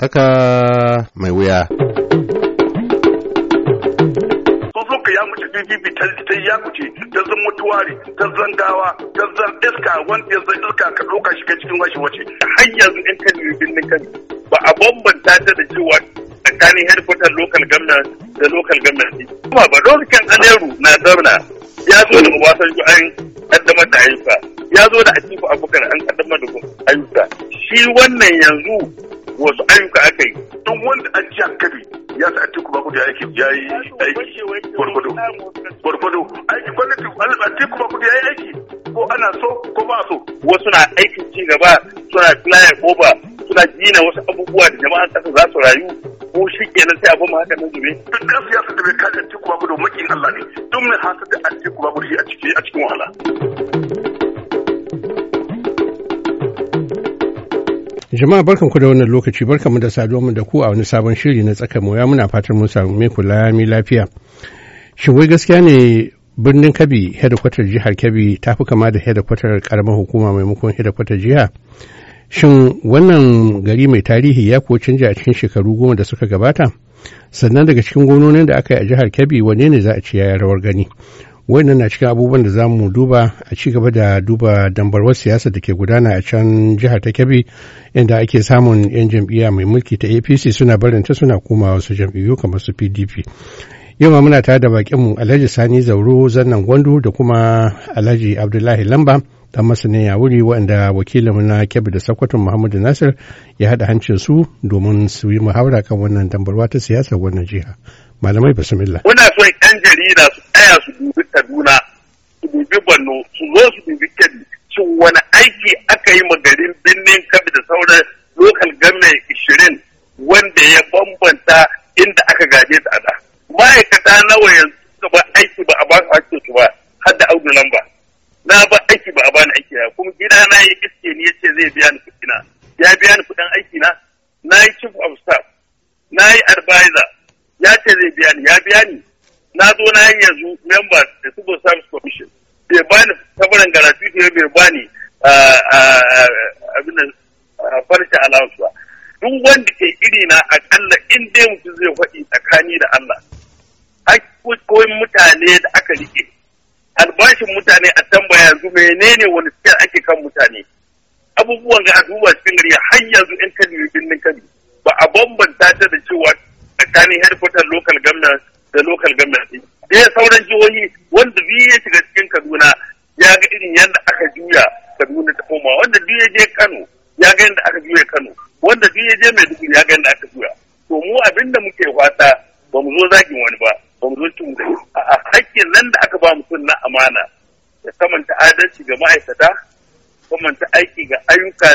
Saka mai wuya. ya mace DDP ta ya kuce ta zan mutuwari ta zan gawa ta zan iska wanda zan iska ka ɗauka shi ka cikin washi wace har yanzu in kan yi kan ba a bambanta ta da cewa tsakanin headquarter local government da local government kuma ba na gwamna ya zo da Obasanjo an kaddamar da ayyuka ya zo da Atiku Abubakar an kaddamar da ayyuka shi wannan yanzu wasu ayyuka aka yi don wanda an ji hankali ya sa atiku ba kudi aiki ya yi aiki gwargwado gwargwado aiki gwamnati atiku ba ya yi aiki ko ana so ko ba so wasu na aikin ci gaba suna ko ba suna gina wasu abubuwa da jama'a kasa za su rayu ko shi kenan sai abin haka na zube duk kan siyasa da bai kare atiku ba kudi makin Allah ne duk mai hasa da atiku ba kudi a cikin wahala. Jama'a barkan ku da wannan lokaci barkan mu da saduwa mu da ku a wani sabon shiri na tsaka moya muna fatan mun samu mai kula mai lafiya. Shin wai gaskiya ne birnin kabi headquarter jihar Kabi ta fi kama da headquarter karamar hukuma maimakon hidda-kwatar jiha? Shin wannan gari mai tarihi ya kuwa canja a cikin shekaru goma da suka gabata? Sannan daga cikin gononin da aka yi a jihar Kabi wane ne za a ci ya rawar gani? wayannan na cikin abubuwan da za mu duba a ci gaba da duba dambarwar siyasa da ke gudana a can jihar ta kebbi inda ake samun 'yan jam'iyya mai mulki ta apc suna barin ta suna koma wasu jam'iyyu kamar su pdp yau ma muna tare da mu alhaji sani zauro zannan gwandu da kuma alhaji abdullahi lamba dan masanin ya wuri waɗanda wakilinmu na kebbi da sakwatun muhammadu nasir ya haɗa hancin su domin su yi muhawara kan wannan dambarwa ta siyasa wannan jiha malamai bismillah muna so 'yan jarida tsaya su dubi Kaduna, su dubi Borno, su zo su dubi Kebbi. su wani aiki aka yi magarin birnin Kebbi da sauran lokal government ishirin wanda ya bambanta inda aka gaje ta a da. Ma'aikata nawa yanzu suka ba aiki ba a ba su hakkin su ba har da audu lamba. Na ba aiki ba a ba ni aiki kuma gida na yi iske ni ya ce zai biya ni kuɗi na. Ya biya ni kuɗin aiki na. Na yi chief of staff. Na yi advisor. Ya ce zai biya ni. Ya biya ni. na zo na yanzu members da civil service commission bai bani tabarin garatu ne bai bani abin farce allowance ba duk wanda ke iri na akalla in dai mutum zai faɗi tsakani da Allah hakkokin mutane da aka rike albashin mutane a tambaya yanzu menene wani tsayar ake kan mutane abubuwan ga abubuwa cikin gari har yanzu yan kabi birnin kabi ba a bambanta ta da cewa tsakanin headquarter local government da local government ɗaya sauran jihohi wanda biyu ya shiga cikin kaduna ya ga irin yadda aka juya kaduna ta koma wanda biyu ya je kano ya ga yadda aka juya kano wanda biyu ya je maiduguri ya ga yadda aka juya to mu abin da muke fata ba mu zo zagin wani ba ba mu zo cin a hakkin nan da aka ba mutum na amana ya kamanta adalci ga ma'aikata kamanta aiki ga ayyuka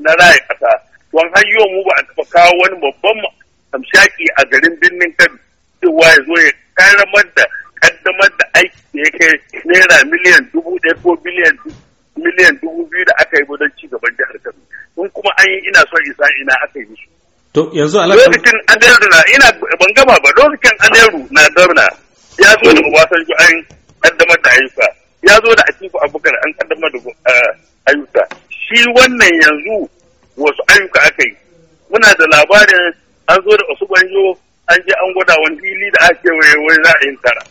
na raya ƙasa don har mu ba a taɓa kawo wani babban hamshaki a garin birnin kano cewa ya zo ya karamar da kaddamar da aiki da ya kai naira miliyan dubu ɗaya ko miliyan miliyan dubu biyu da aka yi don ci gaban jihar Kano. Mun kuma an yi ina son isa ina aka yi mishi. To yanzu alaƙa lokacin Aderu na ina ban gama ba lokacin Aderu na gwamna ya zo da wasan ju an kaddamar da ayyuka ya zo da Atiku Abubakar an kaddamar da eh, ayyuka shi wannan yanzu wasu ayyuka aka yi muna da labarin an zo da Banjo an je an gwada wani fili da ake waye wai za a yi tara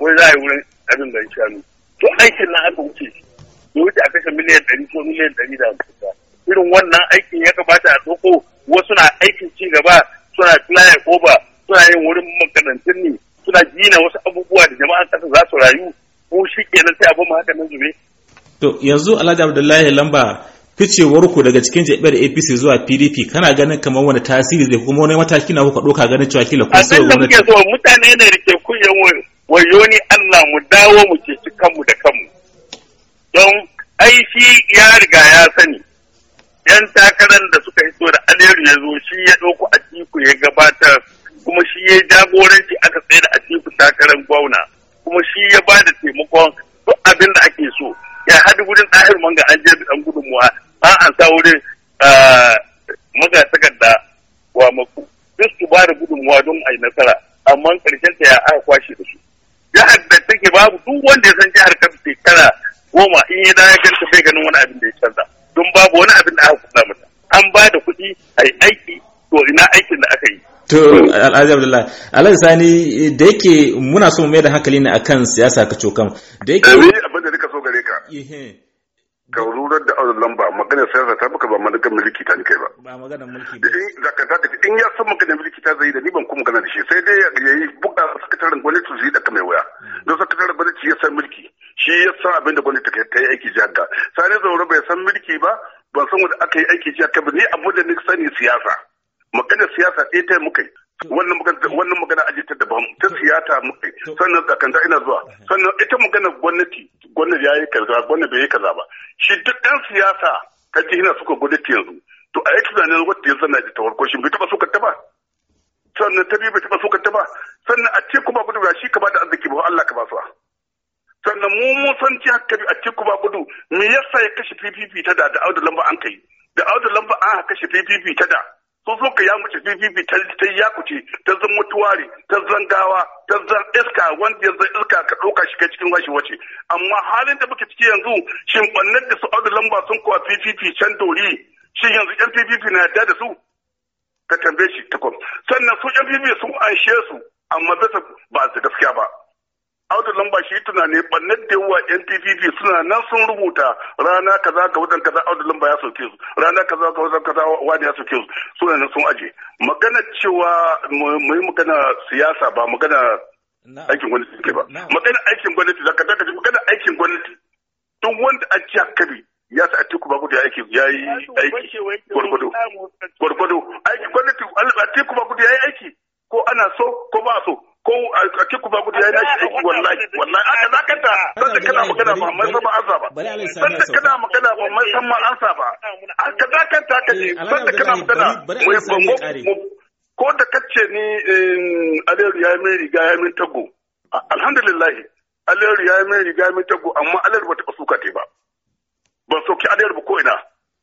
wai za a yi wurin abin da shanu to aikin nan aka wuce da wuce a kashe miliyan ɗari ko miliyan ɗari da hamsin irin wannan aikin ya kamata a ɗauko wasu na aikin ci gaba suna flyer over suna yin wurin makarantun ne suna gina wasu abubuwa da jama'an ƙasa za su rayu ko shi kenan sai abin mu haka nan zube. to yanzu alhaji abdullahi lamba Ficewar ku daga cikin jami'ar APC zuwa PDP kana ganin kamar wani tasiri zai kuma wani mataki na kuka ɗauka ganin cewa kila kun sai wani A mutane ne da ke kunyan wayoni Allah mu dawo mu ci kanmu da kanmu. Don ai shi ya riga ya sani. Yan takarar da suka hito da Aliyu ya zo shi ya ɗauko a ya gabatar kuma shi ya jagoranci wanda ya san jihar kan shekara goma in ya dawo ya ta bai ganin wani abin da ya canza don babu wani abin da aka kula mata an ba da kuɗi a yi aiki to ina aikin da aka yi To Alhaji Abdullahi, Alhaji Sani da yake muna so mai da hankali ne akan siyasa ka cokan. Da yake Abi eh, abin da nika so gare ka. Ka rurar da auren lamba maganar siyasa ta baka ba maganar mulki ta kai ba. Ba maganar mulki ba. In eh, zaka ta tafi in ya san maganar mulki ta zai da ni ban kuma magana da shi sai dai ya yi buga sakataren gwamnati su yi da mai wuya don sakataren barci ya san mulki shi ya san abin da gwamnati ta yi aiki jihar da sani zaure bai san mulki ba ban san wanda aka yi aiki jihar ta ba ni abu da ni sani siyasa magana siyasa ɗaya ta yi wannan magana wannan magana aji ta daban ta siyasa muka sannan tsakanta ina zuwa sannan ita magana gwamnati gwamnati ya yi kaza gwamnati bai yi kaza ba shi duk ɗan siyasa ta jihina suka gwamnati yanzu to a yi tunanin wata ya zana da tawarko shi bai taɓa suka ta ba sannan ta biyu bai taɓa sokar ta ba sannan a ce ba gudu shi ka ba da arziki ba Allah ka ba su sannan mu mun san ci haka a ce ba gudu me yasa ya kashe PPP ta da da audu lamba an kai da audu lamba an kashe PPP ta da sun so ka ya mace PPP ta ta kuce, ta zan mutuware ta zan gawa ta zan iska wanda ya zan iska ka ɗauka shi ka cikin washi wace amma halin da muke ciki yanzu shin ɓannan da su audu lamba sun kuwa PPP can dori shin yanzu yan PPP na yarda da su ka tambaye shi kwam. sannan su mpp sun anshe su amma bisa ba su gaskiya ba audu lamba shi tunani bannan da yawa nppp suna nan sun rubuta rana kaza ga wajen kaza audu lamba ya soke su rana kaza ga wajen kaza wani ya soke su suna nan sun aje magana cewa mu yi magana siyasa ba magana aikin gwamnati ke ba magana aikin gwamnati zaka zaka ji magana aikin gwamnati duk wanda a ci kabi ya sa a tiku ba gudu ya aiki ya yi aiki gwargwado kana magana ba mai eh, eh, san ma'ansa ba sanda kana magana ba mai san ma'ansa ba an ka dakanta ka ce sanda kana magana ko da kace ni aliyu ya min riga ya yi min tago alhamdulillah aliyu ya min riga ya min tago amma aliyu ba ta suka te ba ban soki aliyu ba ko ina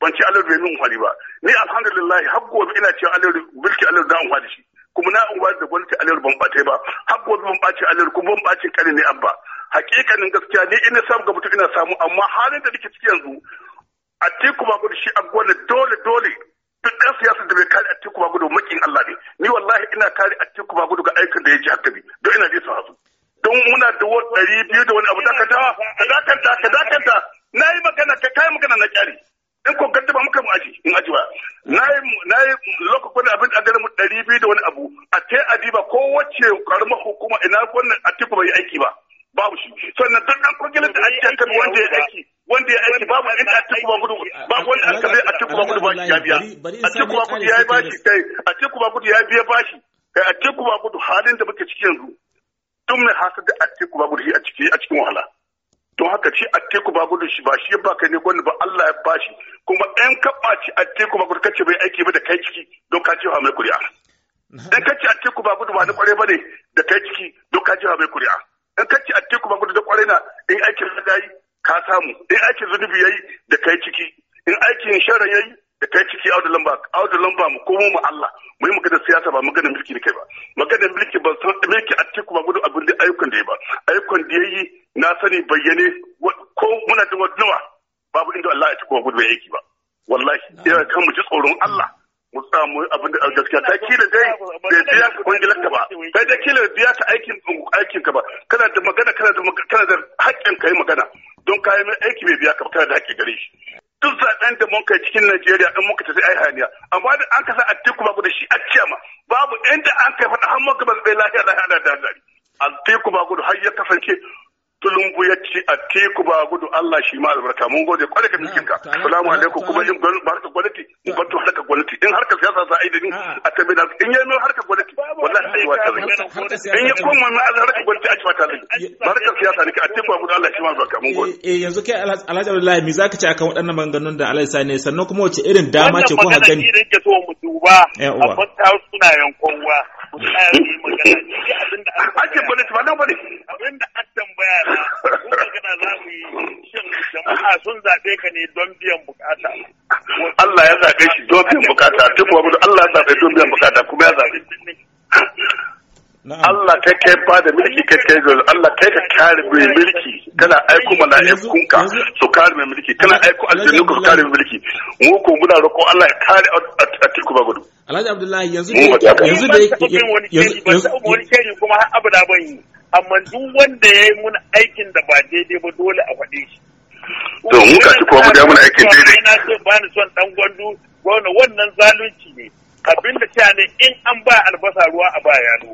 ban ci aliyu bai min umfani ba ni alhamdulillah har gobe ina cewa aliyu bilki aliyu na umfani shi kuma na umfani da gwamnati aliyu ban bate ba har gobe ban bace aliyu kuma ban bace kare ne abba hakikanin gaskiya ni ina samu ga mutum ina samu amma halin da nake ciki yanzu Atiku gudu shi an gwada dole dole duk ɗan siyasa da bai kare ba, gudu makin Allah ne ni wallahi ina kare Atiku gudu ga aikin da ya ji haka bi don ina da su hasu don muna da wani ɗari biyu da wani abu da dakata dakata bari a cikin gudu ya yi bashi kai a cikin gudu ya biya bashi kai a cikin gudu halin da muke ciki yanzu tun mai hasa da a cikin gudu shi a ciki a cikin wahala don haka ce a teku babu da shi ba shi ya baka ne gwanda ba Allah ya bashi kuma ɗan kaɓa ci a teku babu kace bai aiki ba da kai ciki don ka jefa mai kuri'a dan kace a teku babu ba na kware bane da kai ciki don ka jefa mai kuri'a dan kace a teku babu da kware na in aikin da yi ka samu in aikin zunubi yayi da kai ciki in aikin sharan yayi da kai ciki audu lamba audu lamba mu komo mu Allah mu yi maganar siyasa ba maganar mulki ne kai ba maganar mulki ban san mulki a tiku ba gudu abin da ayyukan da ya ba ayyukan da yayi na sani bayyane ko muna da wadnawa babu inda Allah ya ci kuma gudu bai yake ba wallahi ya kan mu ji tsoron Allah mu samu abin da gaskiya ta kila dai bai biya ka kwangilar ka ba kai da kila biya ka aikin aikin ka ba kana da magana kana da kana da haƙƙin kai magana don kayan aiki bai biya ka kana da haƙƙi gare shi duk zaben da mun kai cikin Najeriya in muka tafi aihaniya. amma da an kasa Atiku babu da shi a ciyama babu inda an kai faɗa har ka ba zai lafiya lafiya da a Atiku ba da. shi teku ba gudu Allah shi ma albarka mun gode kwarai ka miskinka salamu alaikum kuma in barka gwamnati in bantu harka gwamnati in harka siyasa za a yi da ni a tabi da in yi mai harka gwamnati wallahi sai wata zai in yi kuma mai harka gwamnati a ci wata zai harka siyasa ne ka a teku ba gudu Allah shi ma albarka mun gode eh, eh yanzu kai Alhaji Abdullahi me zaka ce akan waɗannan maganganun da Alhaji Sani sannan kuma wace irin dama ce ko ha gani wannan magana ne da ke so mu duba a fata suna yankon wa ku tsaya ku magana ni dai abin da aka ake bane ba nan bane abin da an tambaya na ku magana za mu yi shin jama'a sun zabe ka ne don biyan bukata Allah ya zabe shi don biyan bukata duk wani Allah ya zabe don biyan bukata kuma ya zabe Allah ka kai ba da mulki kai kai ga Allah kai ka kare mai mulki kana aiko mala'ikun ka su kare mai mulki kana aiko aljannu ka kare mai mulki mu ko muna roƙo Allah ya kare Atiku ba gudu Alhaji Abdullahi yanzu da yanzu da yanzu yanzu kuma har abada ban yi amma duk wanda ya yi mun aikin da ba daidai ba dole a faɗe shi to mu ka ci kuma mu da mun aikin daidai na ce ba ni son dan gwandu wannan zalunci ne abinda cewa ne in an ba albasa ruwa a ba yano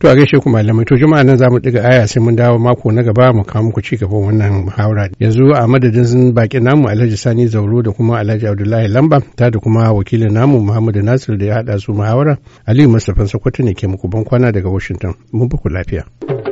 To a gaishe ku malamai to juma'a nan zamu diga aya sai mun dawo mako na gaba mu kawo muku ci gaban wannan muhawara. Yanzu a madadin bakin namu Alhaji Sani Zauro da kuma Alhaji Abdullahi Lamba ta da kuma wakilin namu Muhammadu Nasir da ya haɗa su muhawara Aliyu Mustapha Sokoto ne ke muku ban kwana daga Washington. Mun ba ku lafiya.